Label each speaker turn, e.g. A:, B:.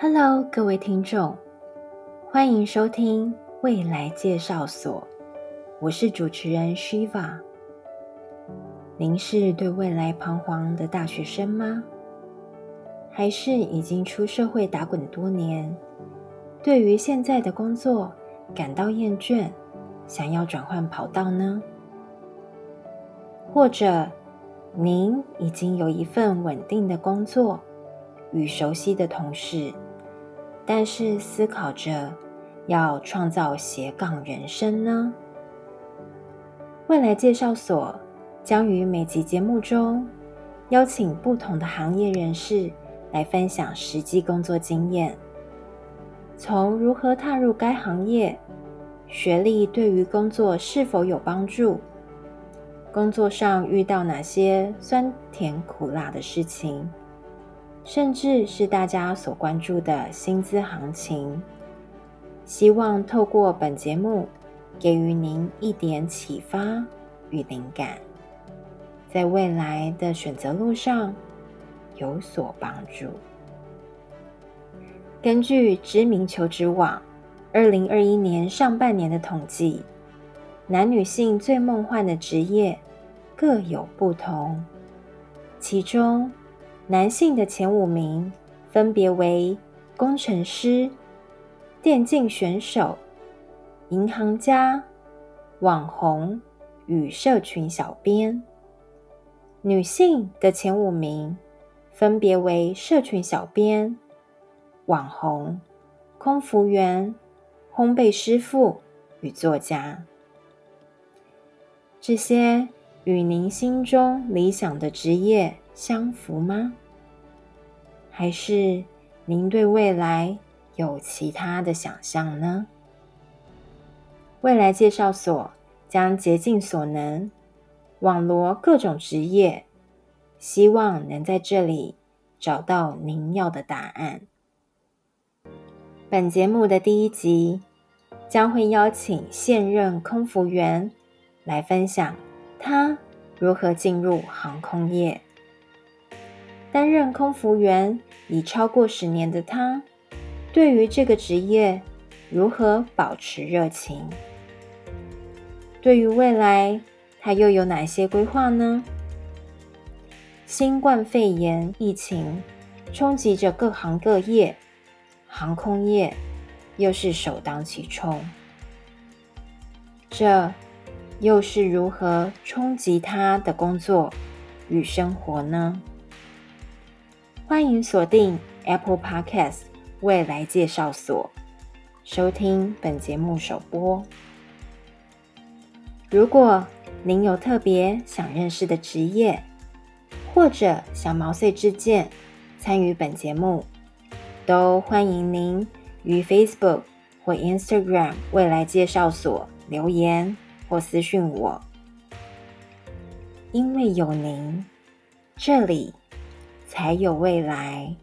A: Hello，各位聽眾，歡迎收聽未來介紹所。我是主持人 Shiva。您是對未來彷徨的大學生嗎？還是已經出社會打滾多年，對於現在的工作感到厭倦，想要轉換跑道呢？或者您已經有一份穩定的工作，與熟悉的同事，但是思考着要創造斜槓人生呢？未來介紹所將於每集節目中邀請不同的行業人士來分享實際工作經驗，從如何踏入該行業、學歷對於工作是否有幫助、工作上遇到哪些酸甜苦辣的事情。甚至是大家所關注的薪資行情，希望透過本節目給予您一點啟發與靈感，在未來的選擇路上有所幫助。根據知名求職網，二零二一年上半年的統計，男女性最夢幻的職業各有不同，其中，男性的前五名分別為工程師、電競選手、銀行家、網紅與社群小編；女性的前五名分別為社群小編、網紅、空服員、烘焙師傅與作家。這些與您心中理想的職業，相符嗎？還是您對未來有其他的想象呢？未來介紹所將竭盡所能，網羅各種職業，希望能在這裡找到您要的答案。本節目的第一集將會邀請現任空服員來分享他如何進入航空業。擔任空服員已超過十年的他，對於這個職業如何保持熱情？對於未來，他又有哪些規劃呢？新冠肺炎疫情衝擊着各行各業，航空業又是首當其衝。這又是如何衝擊他的工作與生活呢？歡迎鎖定 Apple Podcast《未來介紹所》，收聽本節目首播。如果您有特別想認識的職業，或者想毛遂自薦參與本節目，都歡迎您於 Facebook 或 Instagram《未來介紹所》留言或私訊我。因為有您，這裡。還有未來。